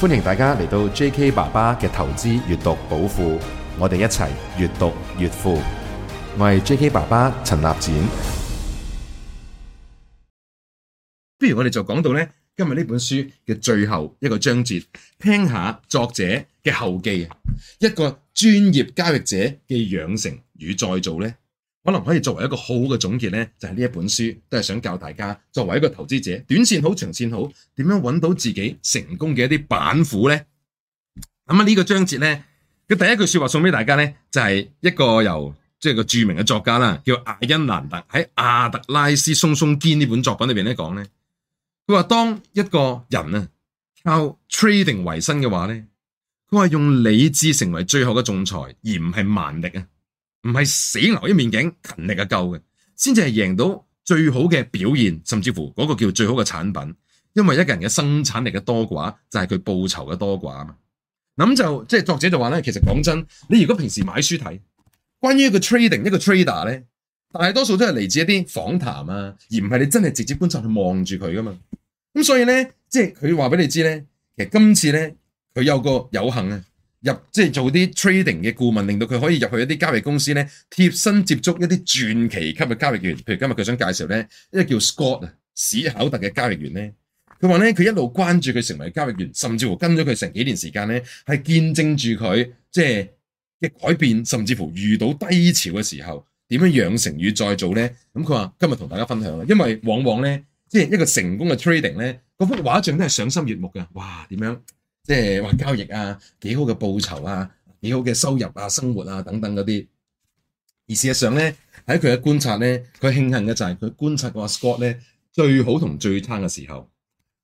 歡迎大家嚟到 J.K. 爸爸嘅投資閱讀寶庫，我哋一齊閱讀越富。我係 J.K. 爸爸陳立展，不如我哋就講到呢今日呢本書嘅最後一個章節，聽下作者嘅後記，一個專業交易者嘅養成與再造呢。可能可以作為一個好嘅總結呢，就係呢一本書都係想教大家，作為一個投資者，短線好、長線好，點樣搵到自己成功嘅一啲板斧呢？咁啊呢個章節呢，佢第一句說話送畀大家呢，就係、是、一個由即係個著名嘅作家啦，叫艾因蘭特，喺《阿特拉斯松松堅》呢本作品裏面講呢，佢話當一個人啊靠 trading 為生嘅話呢，佢話用理智成為最後嘅仲裁，而唔係蠻力啊。唔係死牛一面頸，勤力嘅夠嘅，先至係贏到最好嘅表現，甚至乎嗰個叫最好嘅產品。因為一個人嘅生產力嘅多寡，就係佢報酬嘅多寡啊嘛。咁就即係作者就話咧，其實講真，你如果平時買書睇，關於一個 trading 一個 trader 咧，大多數都係嚟自一啲訪談啊，而唔係你真係直接觀察去望住佢噶嘛。咁所以咧，即係佢話俾你知咧，其實今次咧，佢有個有幸啊。入即係做啲 trading 嘅顧問，令到佢可以入去一啲交易公司咧，貼身接觸一啲傳奇級嘅交易員。譬如今日佢想介紹咧，一個叫 Scott 啊史考特嘅交易員咧，佢話咧佢一路關注佢成為交易員，甚至乎跟咗佢成幾年時間咧，係見證住佢即係嘅改變，甚至乎遇到低潮嘅時候，點樣養成與再造咧？咁佢話今日同大家分享，因為往往咧即係一個成功嘅 trading 咧，嗰幅畫像都係賞心悅目嘅。哇，點樣？即係話交易啊，幾好嘅報酬啊，幾好嘅收入啊，生活啊等等嗰啲。而事實上咧，喺佢嘅觀察咧，佢慶幸嘅就係佢觀察過 Scott 咧，最好同最差嘅時候，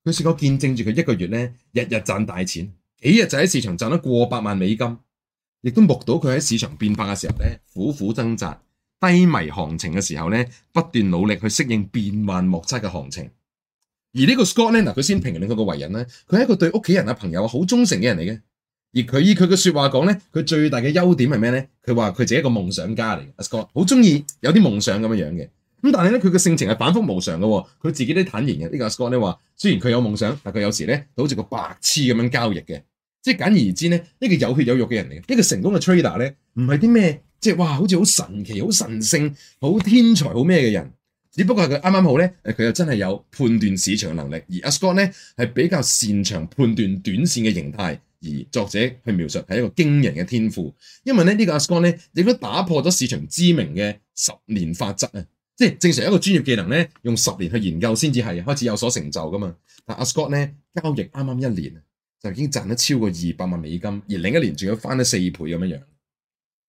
佢試過見證住佢一個月咧日日賺大錢，幾日就喺市場賺得過百萬美金，亦都目睹佢喺市場變化嘅時候咧，苦苦掙扎，低迷行情嘅時候咧，不斷努力去適應變幻莫測嘅行情。而呢個 Scott 咧，嗱佢先評論佢個為人咧，佢係一個對屋企人啊朋友啊好忠誠嘅人嚟嘅。而佢以佢嘅說話講咧，佢最大嘅優點係咩咧？佢話佢自己一個夢想家嚟嘅，Scott 好中意有啲夢想咁樣樣嘅。咁但係咧，佢嘅性情係反覆無常嘅，佢自己都坦然嘅。呢個 Scott 咧話，雖然佢有夢想，但佢有時咧，都好似個白痴咁樣交易嘅。即係簡而言之咧，呢個有血有肉嘅人嚟，呢個成功嘅 trader 咧，唔係啲咩，即係哇，好似好神奇、好神性、好天才、好咩嘅人。只不過係佢啱啱好咧，誒佢又真係有判斷市場嘅能力，而阿 Scott 咧係比較擅長判斷短線嘅形態，而作者去描述係一個驚人嘅天賦。因為咧呢個阿 Scott 咧亦都打破咗市場知名嘅十年法則啊！即係正常一個專業技能咧，用十年去研究先至係開始有所成就噶嘛。但阿 Scott 咧交易啱啱一年就已經賺得超過二百萬美金，而另一年仲要翻咗四倍咁樣樣。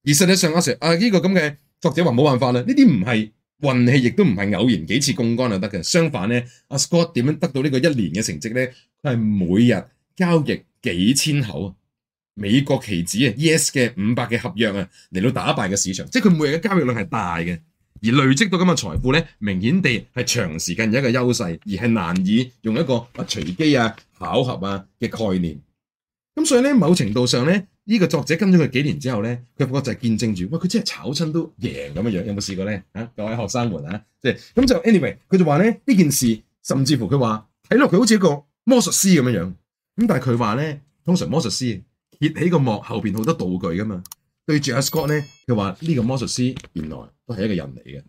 而實際上阿 Sir 啊呢個咁嘅作者話冇辦法啦，呢啲唔係。運氣亦都唔係偶然幾次槓桿就得嘅，相反咧，阿、啊、Scott 點樣得到呢個一年嘅成績咧？佢係每日交易幾千口啊，美國期指啊，ES 嘅五百嘅合約啊，嚟到打敗嘅市場，即係佢每日嘅交易量係大嘅，而累積到咁嘅財富咧，明顯地係長時間有一個優勢，而係難以用一個隨機啊隨機啊巧合啊嘅概念。咁所以咧，某程度上咧。呢、這個作者跟咗佢幾年之後咧，佢發覺就係見證住，喂，佢真係炒親都贏咁樣樣，有冇試過咧？啊，各位學生們啊，即係咁就 anyway，佢就話咧呢件事，甚至乎佢話睇落佢好似一個魔術師咁樣樣。咁但係佢話咧，通常魔術師揭起個幕後面好多道具噶嘛。對住阿 Scott 咧，佢話呢個魔術師原來都係一個人嚟嘅。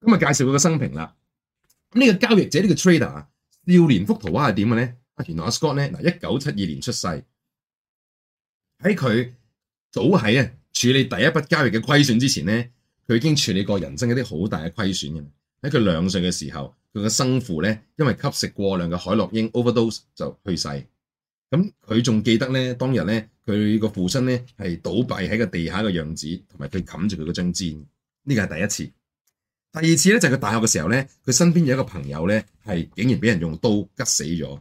咁啊介紹佢個生平啦。咁、這、呢個交易者呢、這個 trader 啊，少年幅圖畫係點嘅咧？原來阿 Scott 咧，嗱，一九七二年出世。喺佢早喺處理第一筆交易嘅虧損之前呢，佢已經處理過人生一啲好大嘅虧損，在喺佢兩歲嘅時候，佢嘅生父呢，因為吸食過量嘅海洛英 overdose 就去世。咁佢仲記得咧，當日咧，佢個父親呢係倒閉喺個地下嘅樣子，同埋佢冚住佢個樽尖。呢個係第一次。第二次呢，就係佢大學嘅時候呢，佢身邊有一個朋友呢，係竟然畀人用刀吉死咗。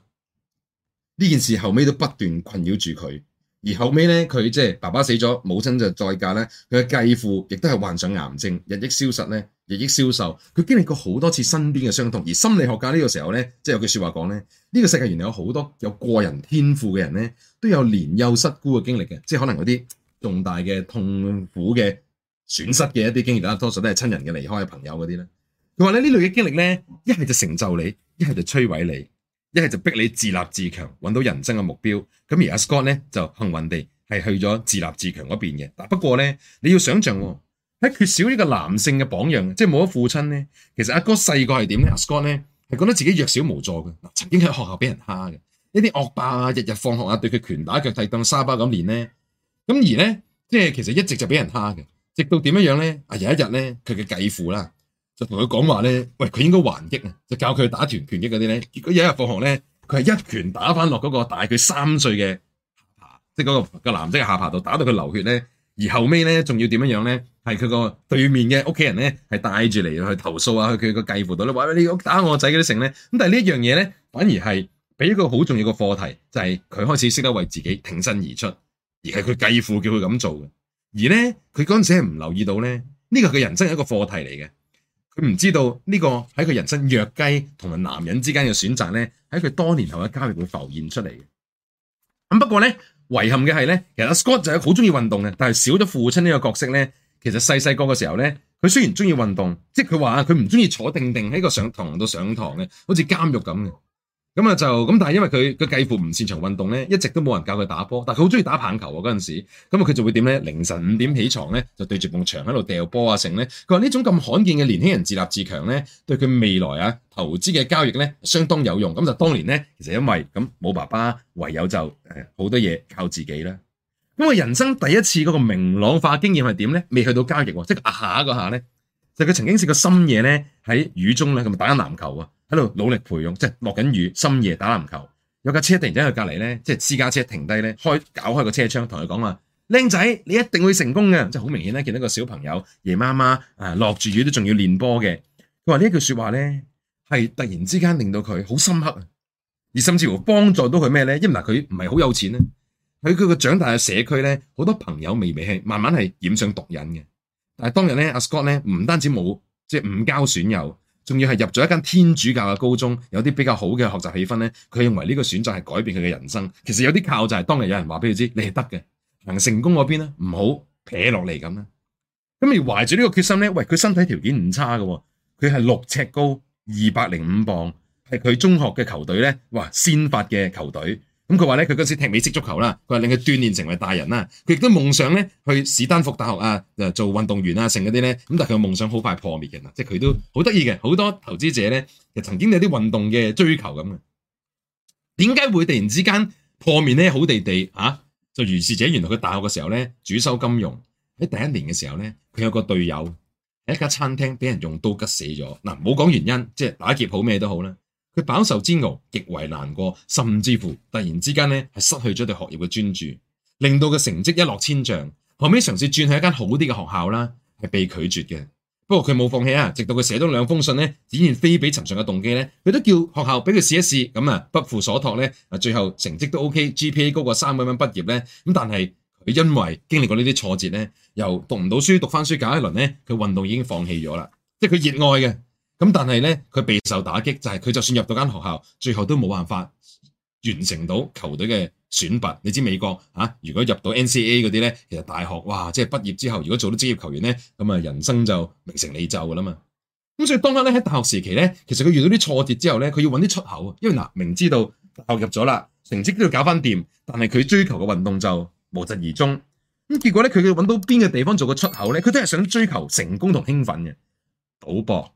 呢件事後尾都不斷困擾住佢。而後尾咧，佢即係爸爸死咗，母親就再嫁咧。佢嘅繼父亦都係患上癌症，日益消失咧，日益消瘦。佢經歷過好多次身邊嘅傷痛。而心理學家呢個時候咧，即係有句說話講咧，呢、這個世界原來有好多有過人天賦嘅人咧，都有年幼失孤嘅經歷嘅，即係可能嗰啲重大嘅痛苦嘅損失嘅一啲經歷，大多數都係親人嘅離開、朋友嗰啲咧。佢話咧呢類嘅經歷咧，一係就成就你，一係就摧毀你。一係就逼你自立自強，揾到人生嘅目標。咁而阿 Scott 咧就幸運地係去咗自立自強嗰邊嘅。但不過咧，你要想象喎、哦，喺缺少呢個男性嘅榜樣，即係冇咗父親咧，其實阿哥細個係點咧？阿 Scott 咧係覺得自己弱小無助嘅。曾經喺學校俾人蝦嘅，呢啲惡霸啊，日日放學啊對佢拳打腳踢，當沙包咁練咧。咁而咧，即係其實一直就俾人蝦嘅，直到點樣樣咧？啊有一日咧，佢嘅繼父啦。就同佢講話咧，喂，佢應該還擊啊！就教佢打團拳擊嗰啲咧。結果有一日放學咧，佢係一拳打翻落嗰個大佢三歲嘅、就是那個、下巴，即係嗰個個男仔嘅下巴度，打到佢流血咧。而後尾咧，仲要點樣樣咧？係佢個對面嘅屋企人咧，係帶住嚟去投訴啊，去佢個繼父度咧，話你屋打我仔嘅啲成咧。咁但係呢樣嘢咧，反而係俾一個好重要嘅課題，就係、是、佢開始識得為自己挺身而出，而係佢繼父叫佢咁做嘅。而咧，佢嗰陣時係唔留意到咧，呢、這個佢人生係一個課題嚟嘅。佢唔知道呢個喺佢人生弱雞同埋男人之間嘅選擇咧，喺佢多年後嘅家庭會浮現出嚟。不過咧，遺憾嘅係，其實 Scott 就係好中意運動嘅，但係少咗父親呢個角色呢，其實細細個嘅時候呢他佢雖然中意運動，即係佢話啊，佢唔中意坐定定喺個上堂度上堂嘅，好似監獄咁樣。咁啊就咁，但係因為佢個繼父唔擅長運動咧，一直都冇人教佢打波。但係佢好中意打棒球啊，嗰陣時咁啊，佢就會點咧？凌晨五點起床咧，就對住埲牆喺度掉波啊，成咧。佢話呢種咁罕見嘅年輕人自立自強咧，對佢未來啊投資嘅交易咧相當有用。咁就當年咧，其實因為咁冇爸爸，唯有就誒好多嘢靠自己啦。咁啊，人生第一次嗰個明朗化經驗係點咧？未去到交易，即係下下嗰下咧，就佢曾經試過深夜咧喺雨中咧咁打緊籃球啊。喺度努力培養，即係落緊雨，深夜打籃球。有架車突然之間喺佢隔離咧，即係私家車停低咧，開搞開個車窗，同佢講話：僆仔，你一定會成功嘅。即係好明顯咧，見到一個小朋友，夜媽媽啊，落住雨都仲要練波嘅。佢話呢一句説話咧，係突然之間令到佢好深刻啊！而甚至乎幫助到佢咩咧？因為嗱，佢唔係好有錢咧，佢佢個長大嘅社區咧，好多朋友微微係慢慢係染上毒癮嘅。但係當日咧，阿 Scott 咧唔單止冇即係唔交損友。仲要係入咗一間天主教嘅高中，有啲比較好嘅學習氣氛，呢佢認為呢個選擇係改變佢嘅人生。其實有啲靠就係當日有人話俾佢知，你係得嘅，行成功嗰邊呢，唔好撇落嚟咁，咁而懷住呢個決心呢，喂，佢身體條件唔差㗎喎。佢係六尺高，二百零五磅，係佢中學嘅球隊呢，哇，先發嘅球隊。咁佢話咧，佢嗰時踢美式足球啦，佢話令佢鍛鍊成為大人啦，佢亦都夢想咧去史丹福大學啊，誒做運動員啊，剩嗰啲咧。咁但係佢夢想好快破滅嘅啦，即係佢都好得意嘅，好多投資者咧，其實曾經有啲運動嘅追求咁嘅。點解會突然之間破滅咧？好地地嚇，啊，就如是者，原來佢大學嘅時候咧主修金融，喺第一年嘅時候咧，佢有個隊友喺一間餐廳俾人用刀吉死咗。嗱，冇講原因，即係打劫好咩都好啦。佢飽受煎熬，極為難過，甚至乎突然之間咧係失去咗對學業嘅專注，令到佢成績一落千丈。後尾嘗試轉去一間好啲嘅學校啦，係被拒絕嘅。不過佢冇放棄啊，直到佢寫咗兩封信咧，展現非比尋常嘅動機咧，佢都叫學校俾佢試一試。咁啊，不負所託咧，啊最後成績都 OK，GPA，OK，高過三萬蚊畢業咧。咁但係佢因為經歷過呢啲挫折咧，又讀唔到書，讀翻書搞一輪咧，佢運動已經放棄咗啦，即係佢熱愛嘅。咁但係咧，佢備受打擊，就係、是、佢就算入到間學校，最後都冇辦法完成到球隊嘅選拔。你知美國啊，如果入到 NCA 嗰啲咧，其實大學哇，即係畢業之後，如果做到職業球員咧，咁啊，人生就名成利就噶啦嘛。咁所以當刻咧喺大學時期咧，其實佢遇到啲挫折之後咧，佢要揾啲出口，因為嗱、啊，明知道學入咗啦，成績都要搞翻掂，但係佢追求嘅運動就無疾而終。咁結果咧，佢要揾到邊個地方做個出口咧，佢都係想追求成功同興奮嘅賭博。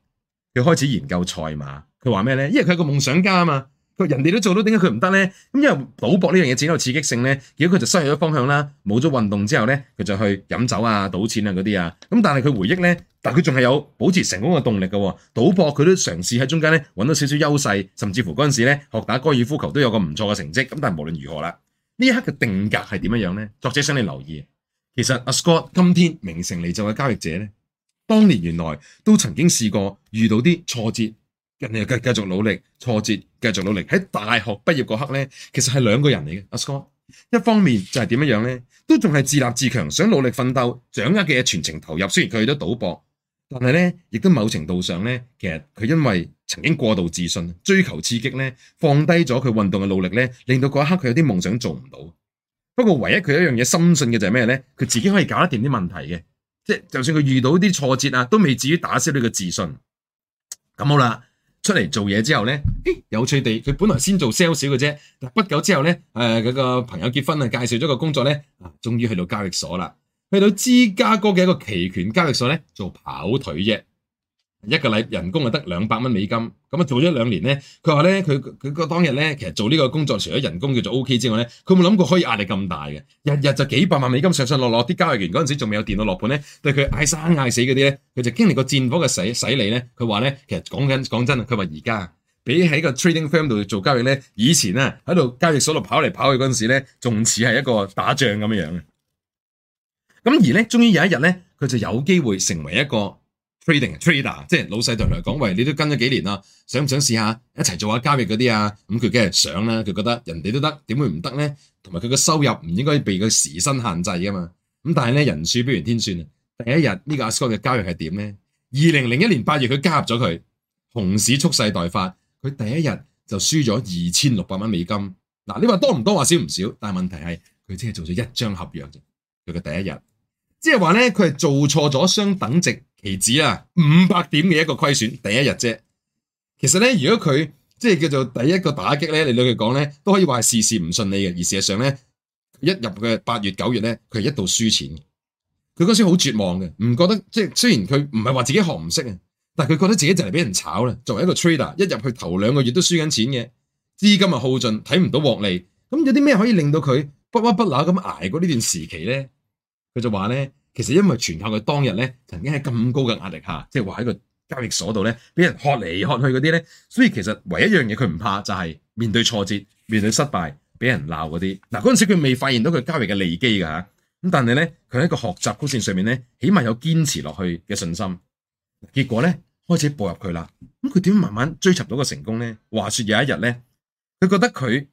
佢開始研究賽馬，佢話咩咧？因為佢係個夢想家啊嘛，佢人哋都做到，點解佢唔得咧？咁因為賭博呢樣嘢只有刺激性咧，結果佢就失去咗方向啦，冇咗運動之後咧，佢就去飲酒啊、賭錢啊嗰啲啊。咁但係佢回憶咧，但佢仲係有保持成功嘅動力嘅。賭博佢都嘗試喺中間咧，搵到少少優勢，甚至乎嗰陣時咧學打高爾夫球都有個唔錯嘅成績。咁但係無論如何啦，呢一刻嘅定格係點樣樣咧？作者想你留意，其實阿 Scott 今天名成利就嘅交易者咧。當年原來都曾經試過遇到啲挫折，人哋繼繼續努力，挫折繼續努力。喺大學畢業嗰刻咧，其實係兩個人嚟嘅。阿 Scott，一方面就係點樣樣咧，都仲係自立自強，想努力奮鬥，掌握嘅嘢，全程投入。雖然佢去咗賭博，但係咧亦都某程度上咧，其實佢因為曾經過度自信，追求刺激咧，放低咗佢運動嘅努力咧，令到嗰一刻佢有啲夢想做唔到。不過唯一佢一樣嘢深信嘅就係咩咧？佢自己可以搞得掂啲問題嘅。即就算佢遇到啲挫折啊，都未至於打消你嘅自信。咁好啦，出嚟做嘢之後咧，有趣地，佢本來先做 sales 嘅啫，不久之後咧，誒、呃，嗰個朋友結婚啊，介紹咗個工作咧，啊，終於去到交易所啦，去到芝加哥嘅一個期權交易所咧，做跑腿啫。一個禮人工啊，得兩百蚊美金，咁啊做咗一兩年咧，佢話咧，佢佢個當日咧，其實做呢個工作，除咗人工叫做 OK 之外咧，佢冇諗過可以壓力咁大嘅，日日就幾百萬美金上上落落，啲交易員嗰陣時仲未有電腦落盤咧，對佢嗌生嗌死嗰啲咧，佢就經歷過戰火嘅洗洗禮咧，佢話咧，其實講緊講真啊，佢話而家比喺個 trading firm 度做交易咧，以前咧喺度交易所度跑嚟跑去嗰陣時咧，仲似係一個打仗咁樣嘅，咁而咧，終於有一日咧，佢就有機會成為一個。trading trader 即係老細同佢講，喂，你都跟咗幾年啦，想唔想試下一齊做下交易嗰啲啊？咁佢梗係想啦，佢覺得人哋都得，點會唔得咧？同埋佢個收入唔應該被佢時薪限制噶嘛？咁但係咧，人算不如天算啊！第一日呢個阿 Scott 嘅交易係點咧？二零零一年八月，佢加入咗佢，熊市蓄勢待發，佢第一日就輸咗二千六百蚊美金。嗱，你話多唔多，話少唔少？但係問題係，佢只係做咗一張合約啫，佢嘅第一日。即係話咧，佢係做錯咗相等值期指啊，五百點嘅一個虧損，第一日啫。其實咧，如果佢即係叫做第一個打擊咧，你對佢講咧，都可以話係事事唔順利嘅。而事實上咧，一入嘅八月九月咧，佢係一度輸錢。佢嗰時好絕望嘅，唔覺得即係雖然佢唔係話自己學唔識啊，但係佢覺得自己就嚟俾人炒啦。作為一個 trader，一入去頭兩個月都輸緊錢嘅，資金啊耗盡，睇唔到獲利。咁有啲咩可以令到佢不屈不撓咁挨過呢段時期咧？佢就話咧，其實因為全靠佢當日咧，曾經喺咁高嘅壓力下，即係話喺個交易所度咧，俾人喝嚟喝去嗰啲咧，所以其實唯一一樣嘢佢唔怕就係面對挫折、面對失敗、俾人鬧嗰啲。嗱，嗰陣時佢未發現到佢交易嘅利基嘅吓，咁但係咧，佢喺個學習曲線上面咧，起碼有堅持落去嘅信心。結果咧，開始步入佢啦。咁佢點慢慢追尋到個成功咧？話說有一日咧，佢覺得佢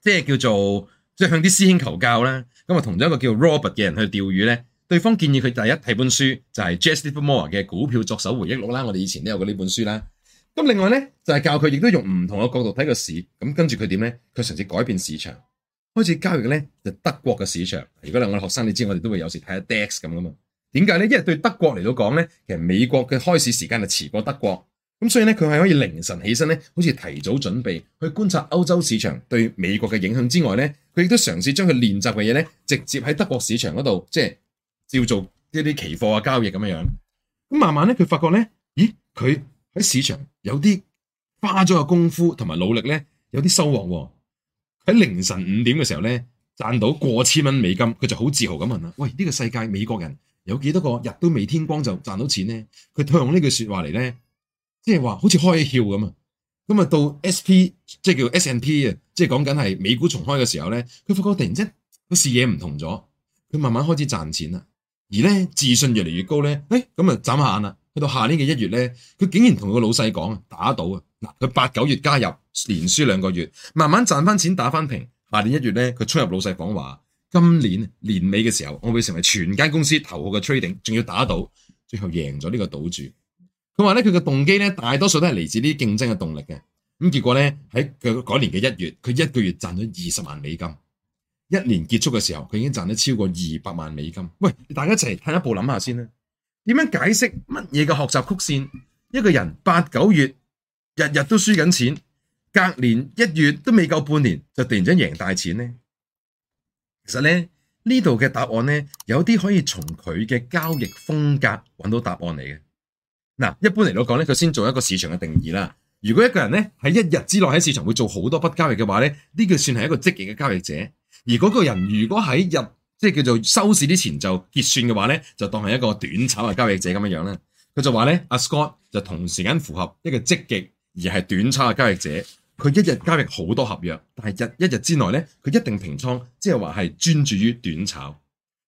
即係叫做即係向啲師兄求教咧。咁啊，同咗一個叫 Robert 嘅人去釣魚咧，對方建議佢第一睇本書就係 Jesse Livermore 嘅股票作手回憶錄啦。我哋以前都有過呢本書啦。咁另外咧就係、是、教佢，亦都用唔同嘅角度睇個市。咁跟住佢點咧？佢嘗試改變市場，開始交易咧就是、德國嘅市場。如果兩個學生，你知我哋都會有時睇下 DAX 咁㗎嘛？點解咧？因為對德國嚟到講咧，其實美國嘅開市時間就遲過德國。咁所以咧，佢係可以凌晨起身咧，好似提早準備去觀察歐洲市場對美國嘅影響之外咧，佢亦都嘗試將佢練習嘅嘢咧，直接喺德國市場嗰度，即係照做一啲期貨啊交易咁樣樣。咁慢慢咧，佢發覺咧，咦，佢喺市場有啲花咗嘅功夫同埋努力咧，有啲收穫喎。喺凌晨五點嘅時候咧，賺到過千蚊美金，佢就好自豪咁問啦：喂，呢個世界美國人有幾多個日都未天光就賺到錢咧？佢套用呢句說話嚟咧。即係話好似開竅咁啊。咁啊到 SP，是 S P 即係叫 S&P 啊，即係講緊係美股重開嘅時候咧，佢發覺突然之間個視野唔同咗，佢慢慢開始賺錢啦。而咧自信越嚟越高咧，誒咁啊眨下眼啦，去到下年嘅一月咧，佢竟然同個老細講啊打賭啊！嗱，佢八九月加入，連輸兩個月，慢慢賺翻錢打翻平。下年一月咧，佢出入老細講話，今年年尾嘅時候，我會成為全間公司頭號嘅 trading，仲要打賭，最後贏咗呢個賭注。佢話咧，佢嘅動機咧，大多數都係嚟自呢啲競爭嘅動力嘅。咁結果咧，喺佢嗰年嘅一月，佢一個月賺咗二十萬美金，一年結束嘅時候，佢已經賺咗超過二百萬美金。喂，大家一齊睇一步諗下先啦。點樣解釋乜嘢嘅學習曲線？一個人八九月日日都輸緊錢，隔年一月都未夠半年，就突然間贏大錢咧？其實咧呢度嘅答案咧，有啲可以從佢嘅交易風格揾到答案嚟嘅。嗱，一般嚟到講咧，佢先做一個市場嘅定義啦。如果一個人咧喺一日之內喺市場會做好多筆交易嘅話咧，呢個算係一個積極嘅交易者。而嗰個人如果喺入即係叫做收市之前就結算嘅話咧，就當係一個短炒嘅交易者咁樣樣。佢就話咧，阿 Scott 就同時間符合一個積極而係短炒嘅交易者。佢一日交易好多合約，但係日一日之內咧，佢一定平倉，即係話係專注於短炒。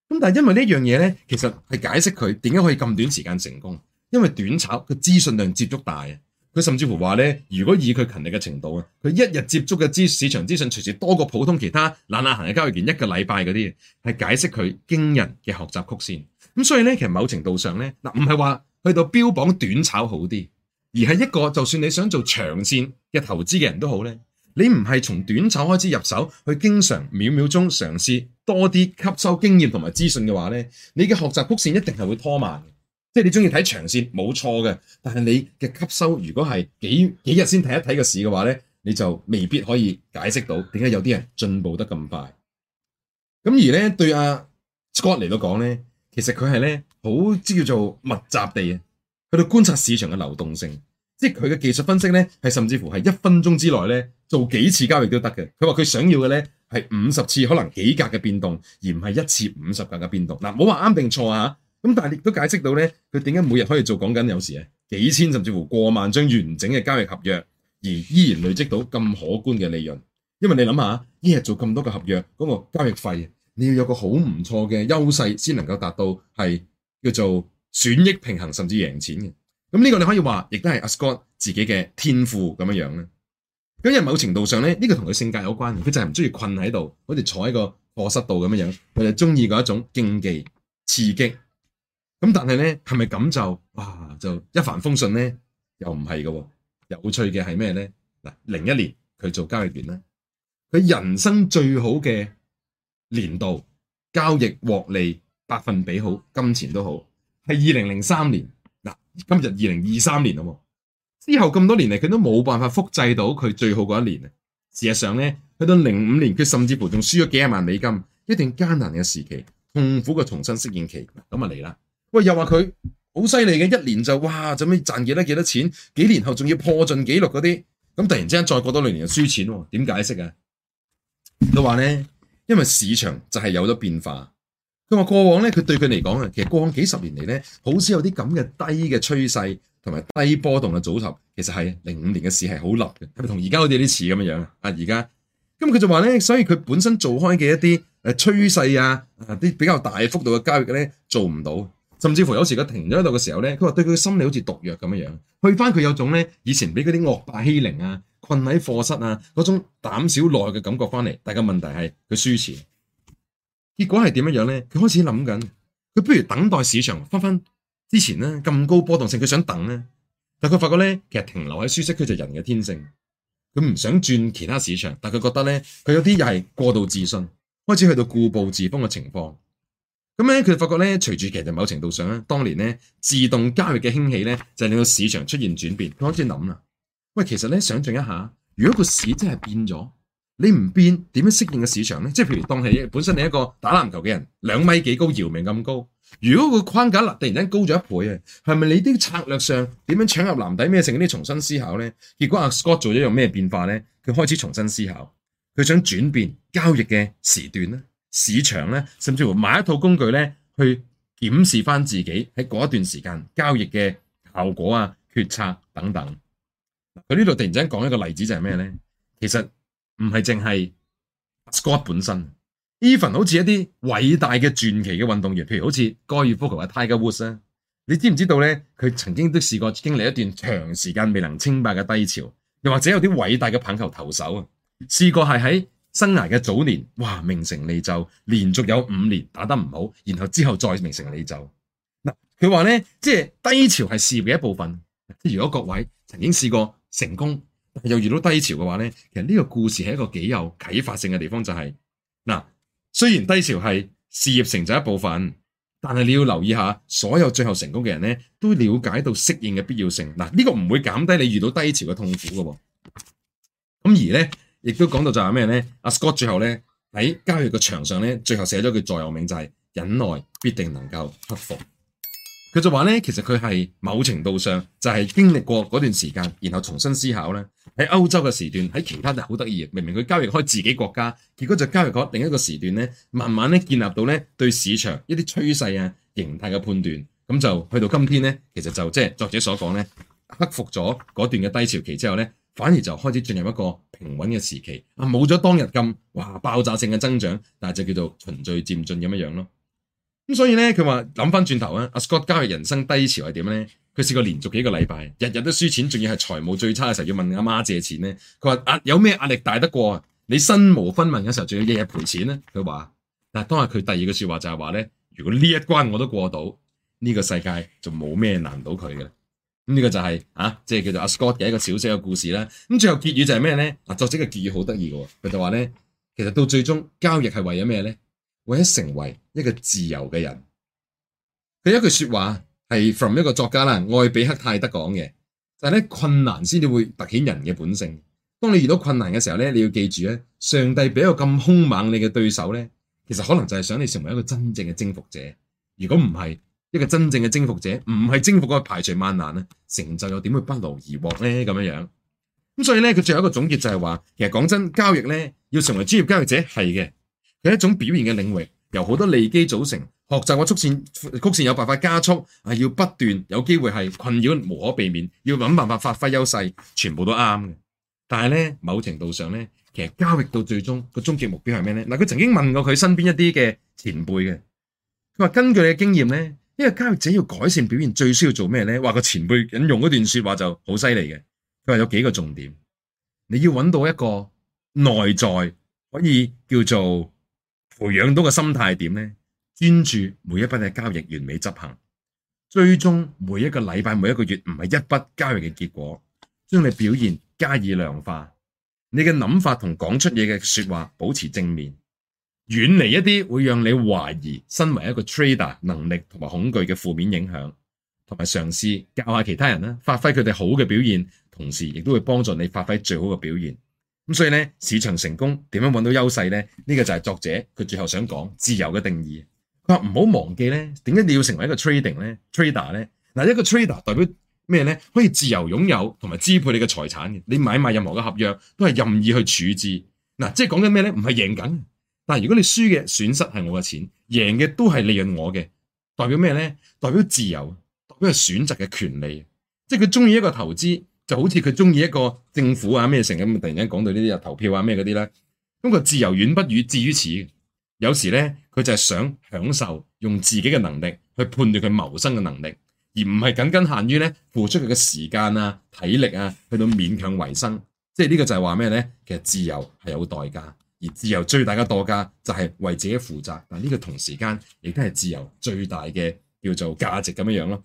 咁但係因為呢樣嘢咧，其實係解釋佢點解可以咁短時間成功，因為短炒嘅資訊量接觸大啊，佢甚至乎話呢，如果以佢勤力嘅程度啊，佢一日接觸嘅資市場資訊，隨時多過普通其他懶懶行嘅交易員一個禮拜嗰啲，係解釋佢驚人嘅學習曲線。咁所以呢，其實某程度上呢，嗱唔係話去到標榜短炒好啲，而係一個就算你想做長線嘅投資嘅人都好呢，你唔係從短炒開始入手，去經常秒秒鐘嘗試多啲吸收經驗同埋資訊嘅話呢，你嘅學習曲線一定係會拖慢。即係你中意睇長線，冇錯嘅。但係你嘅吸收，如果係幾幾日先睇一睇個市嘅話咧，你就未必可以解釋到點解有啲人進步得咁快。咁而咧對阿、啊、Scott 嚟到講咧，其實佢係咧好即叫做密集地去到觀察市場嘅流動性。即係佢嘅技術分析咧，係甚至乎係一分鐘之內咧做幾次交易都得嘅。佢話佢想要嘅咧係五十次可能幾格嘅變動，而唔係一次五十格嘅變動。嗱，冇話啱定錯吓。咁但亦都解釋到咧，佢點解每日可以做講緊有時啊幾千甚至乎過萬張完整嘅交易合約，而依然累積到咁可觀嘅利潤？因為你諗下，一日做咁多嘅合約，嗰個交易費，你要有個好唔錯嘅優勢，先能夠達到係叫做損益平衡甚至贏錢嘅。咁呢個你可以話，亦都係阿 Scott 自己嘅天賦咁樣樣咧。因為某程度上咧，呢個同佢性格有關，佢就係唔中意困喺度，好似坐喺個課室度咁樣，佢就中意嗰一種競技刺激。咁但係呢，係咪咁就哇就一帆風順呢？又唔係㗎喎。有趣嘅係咩呢？嗱，零一年佢做交易員呢，佢人生最好嘅年度交易獲利百分比好，金錢都好，係二零零三年。嗱，今日二零二三年啊喎。之後咁多年嚟佢都冇辦法複製到佢最好嗰一年。事實上呢，去到零五年佢甚至乎仲輸咗幾十萬美金，一段艱難嘅時期，痛苦嘅重新適應期，咁啊嚟啦。喂，又話佢好犀利嘅，一年就哇，做咩賺幾多幾多錢？幾年後仲要破盡紀錄嗰啲，咁突然之間再過多兩年又輸錢喎？點解釋啊？都話咧，因為市場就係有咗變化。佢話過往咧，佢對佢嚟講啊，其實過往幾十年嚟咧，好少有啲咁嘅低嘅趨勢同埋低波動嘅組合，其實係零五年嘅市係好笠嘅，係咪同而家我啲啲似咁樣樣啊？而家咁佢就話咧，所以佢本身做開嘅一啲誒趨勢啊，啲比較大幅度嘅交易咧，做唔到。甚至乎有時佢停咗喺度嘅時候呢，佢話對佢嘅心理好似毒藥咁樣去返佢有種咧以前俾嗰啲惡霸欺凌啊、困喺課室啊嗰種膽小懦弱嘅感覺返嚟。但個問題係佢輸錢，結果係點樣呢？佢開始諗緊，佢不如等待市場返返之前咧咁高波動性，佢想等呢，但佢發覺呢，其實停留喺舒適區就是人嘅天性，佢唔想轉其他市場，但佢覺得呢，佢有啲又係過度自信，開始去到固步自封嘅情況。咁咧，佢發覺咧，隨住其實某程度上咧，當年咧自動交易嘅興起咧，就令到市場出現轉變。佢開始諗啦，喂，其實咧想象一下，如果個市真係變咗，你唔變，點樣適應個市場咧？即係譬如當係本身你一個打籃球嘅人，兩米幾高，姚明咁高，如果個框架突然間高咗一倍啊，係咪你都要策略上點樣搶入籃底咩剩啲重新思考咧？結果阿 Scott 做咗樣咩變化咧？佢開始重新思考，佢想轉變交易嘅時段咧。市場咧，甚至乎買一套工具咧，去檢視翻自己喺嗰一段時間交易嘅效果啊、決策等等。佢呢度突然之間講一個例子就係咩咧？其實唔係淨係 Scott 本身，even 好似一啲偉大嘅傳奇嘅運動員，譬如好似高爾夫球啊、Tiger Woods 啊，你知唔知道咧？佢曾經都試過經歷一段長時間未能清白嘅低潮，又或者有啲偉大嘅棒球投手啊，試過係喺。生涯嘅早年，哇，名成利就，連續有五年打得唔好，然後之後再名成利就。嗱、呃，佢話咧，即係低潮係事業嘅一部分。如果各位曾經試過成功，但又遇到低潮嘅話咧，其實呢個故事係一個幾有啟發性嘅地方，就係、是、嗱、呃，雖然低潮係事業成就一部分，但係你要留意下，所有最後成功嘅人咧，都了解到適應嘅必要性。嗱、呃，呢、這個唔會減低你遇到低潮嘅痛苦喎。咁、呃、而咧。亦都講到就係咩呢？阿 Scott 最後呢，喺交易嘅場上呢，最後寫咗句座右銘，就係、是、忍耐必定能夠克服。佢就話呢，其實佢係某程度上就係經歷過嗰段時間，然後重新思考呢。喺歐洲嘅時段，喺其他就好得意，明明佢交易開自己國家，結果就交易開另一個時段呢，慢慢呢建立到呢對市場一啲趨勢啊、形態嘅判斷，咁就去到今天呢，其實就即係、就是、作者所講呢，克服咗嗰段嘅低潮期之後呢，反而就開始進入一個平穩嘅時期啊，冇咗當日咁哇爆炸性嘅增長，但係就叫做循序漸進咁樣樣咯。咁所以咧，佢話諗翻轉頭啊，阿 Scott 交嘅人生低潮係點咧？佢試過連續幾個禮拜日日都輸錢，仲要係財務最差嘅時候要問阿媽借錢咧。佢話壓有咩壓力大得過啊？你身無分文嘅時候，仲要日日賠錢咧？佢話，但係當日佢第二個說話就係話咧，如果呢一關我都過到，呢個世界就冇咩難到佢嘅。呢、這個就係、是、啊，即、就、係、是、叫做阿 Scott 嘅一個小小嘅故事啦。咁最後結語就係咩咧？啊，作者嘅結語好得意嘅，佢就話咧，其實到最終交易係為咗咩咧？為咗成為一個自由嘅人。佢有一句說話係 from 一個作家啦，愛比克泰德講嘅，就係、是、咧困難先至會凸顯人嘅本性。當你遇到困難嘅時候咧，你要記住咧，上帝俾一個咁兇猛你嘅對手咧，其實可能就係想你成為一個真正嘅征服者。如果唔係，一個真正嘅徵服者，唔係征服個排除萬難呢，成就又點會不勞而獲呢？咁樣樣咁，所以呢，佢最後一個總結就係話，其實講真，交易呢，要成為專業交易者係嘅，佢一種表現嘅領域，由好多利基組成，學習個曲線曲線有辦法加速啊，要不斷有機會係困擾無可避免，要諗辦法發揮優勢，全部都啱嘅。但係呢，某程度上呢，其實交易到最終個終極目標係咩呢？嗱，佢曾經問過佢身邊一啲嘅前輩嘅，佢話根據你嘅經驗呢。呢個交易者要改善表現，最需要做咩呢？話個前輩引用嗰段說話就好犀利嘅。佢話有幾個重點，你要揾到一個內在可以叫做培養到個心態點呢，專注每一筆嘅交易完美執行，最終每一個禮拜、每一個月唔係一筆交易嘅結果，將你表現加以量化。你嘅諗法同講出嘢嘅說話保持正面。遠離一啲會讓你懷疑身為一個 trader 能力同埋恐懼嘅負面影響，同埋嘗試教下其他人咧，發揮佢哋好嘅表現，同時亦都會幫助你發揮最好嘅表現。咁所以呢，市場成功點樣搵到優勢呢？呢個就係作者佢最後想講自由嘅定義。佢話唔好忘記呢，點解你要成為一個 trading 呢 trader 呢，嗱，一個 trader 代表咩呢？可以自由擁有同埋支配你嘅財產嘅，你買賣任何嘅合約都係任意去處置。嗱，即係講緊咩呢？唔係贏緊。但如果你輸嘅損失係我嘅錢，贏嘅都係利潤我嘅，代表咩咧？代表自由，代表係選擇嘅權利。即係佢中意一個投資，就好似佢中意一個政府啊咩成咁，突然間講到呢啲啊投票啊咩嗰啲咧。咁個自由遠不如至於此。有時咧，佢就係想享受用自己嘅能力去判斷佢謀生嘅能力，而唔係僅僅限於咧付出佢嘅時間啊體力啊，去到勉強維生。即係呢個就係話咩咧？其實自由係有代價。而自由最大嘅代價就係為自己負責，但呢個同時間亦都係自由最大嘅叫做價值咁樣樣咯。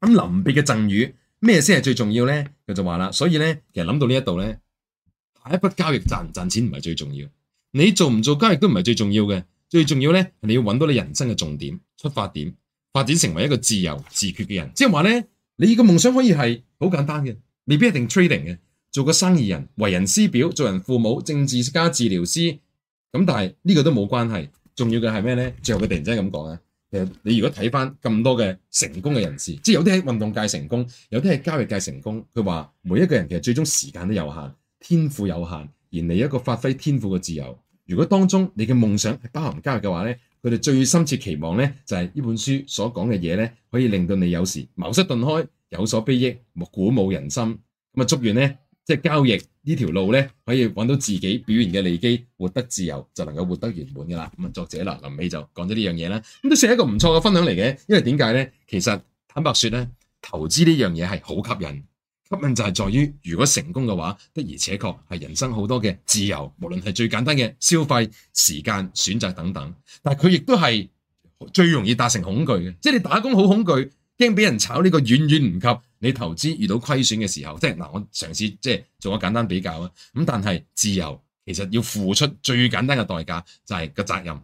咁臨別嘅贈語，咩先係最重要呢？佢就話啦，所以呢，其實諗到呢一度呢，第一筆交易賺唔賺錢唔係最重要，你做唔做交易都唔係最重要嘅，最重要呢係你要揾到你人生嘅重點出發點，發展成為一個自由自決嘅人。即係話咧，你個夢想可以係好簡單嘅，未必一定 trading 嘅。做個生意人、為人師表、做人父母、政治家、治療師。咁但係呢，這個都冇關係。重要嘅係咩呢？最後佢突然之間咁講啊，其實你如果睇返咁多嘅成功嘅人士，即有啲喺運動界成功，有啲喺交易界成功。佢話每一個人其實最終時間都有限，天賦有限，而你一個發揮天賦嘅自由。如果當中你嘅夢想係包含交易嘅話呢，佢哋最深切期望呢就係、是，呢本書所講嘅嘢呢，可以令到你有時茅塞頓開、有所裨益、鼓舞人心。咁啊，祝願呢。即係交易呢條路咧，可以揾到自己表現嘅利基，活得自由，就能夠活得圓滿噶啦。咁啊，作者嗱，臨尾就講咗呢樣嘢啦。咁都算係一個唔錯嘅分享嚟嘅，因為點解咧？其實坦白説咧，投資呢樣嘢係好吸引，吸引就係在於，如果成功嘅話，的而且確係人生好多嘅自由，無論係最簡單嘅消費、時間選擇等等。但係佢亦都係最容易達成恐懼嘅，即係你打工好恐懼。驚俾人炒，呢個遠遠唔及你投資遇到虧損嘅時候，即係我嘗試即係做個簡單比較，咁但係自由，其實要付出最簡單嘅代價就係個責任。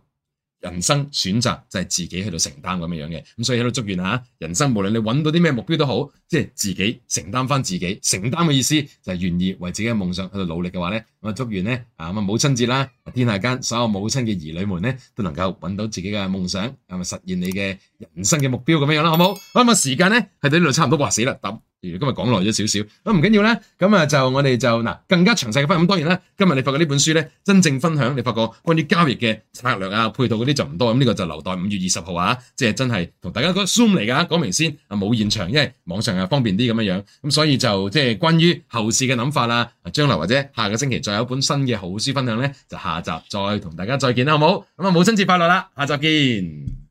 人生選擇就係自己喺度承擔噉樣嘅，咁所以喺度祝願啊，人生無論你揾到啲咩目標都好，即係自己承擔返自己承擔嘅意思就係願意為自己嘅夢想喺度努力嘅話，祝願咧啊母親節啦，天下間所有母親嘅兒女們都能夠揾到自己嘅夢想，實現你嘅人生嘅目標噉樣好唔好？咁啊時間咧係到呢度差唔多，話死啦，得。今日講耐咗少少，咁唔緊要啦。咁啊就我哋就嗱更加詳細嘅分享。咁當然啦，今日你發覺呢本書咧真正分享，你發覺關於交易嘅策略啊、配套嗰啲就唔多。咁、這、呢個就留待五月二十號啊，即係真係同大家講 Zoom 嚟噶，講明先。啊冇現場，因為網上又方便啲咁樣樣。咁所以就即係關於後市嘅諗法啦、啊，將來或者下個星期再有一本新嘅好書分享咧，就下集再同大家再見啦，好唔好？咁啊，母親節快樂啦，下集見。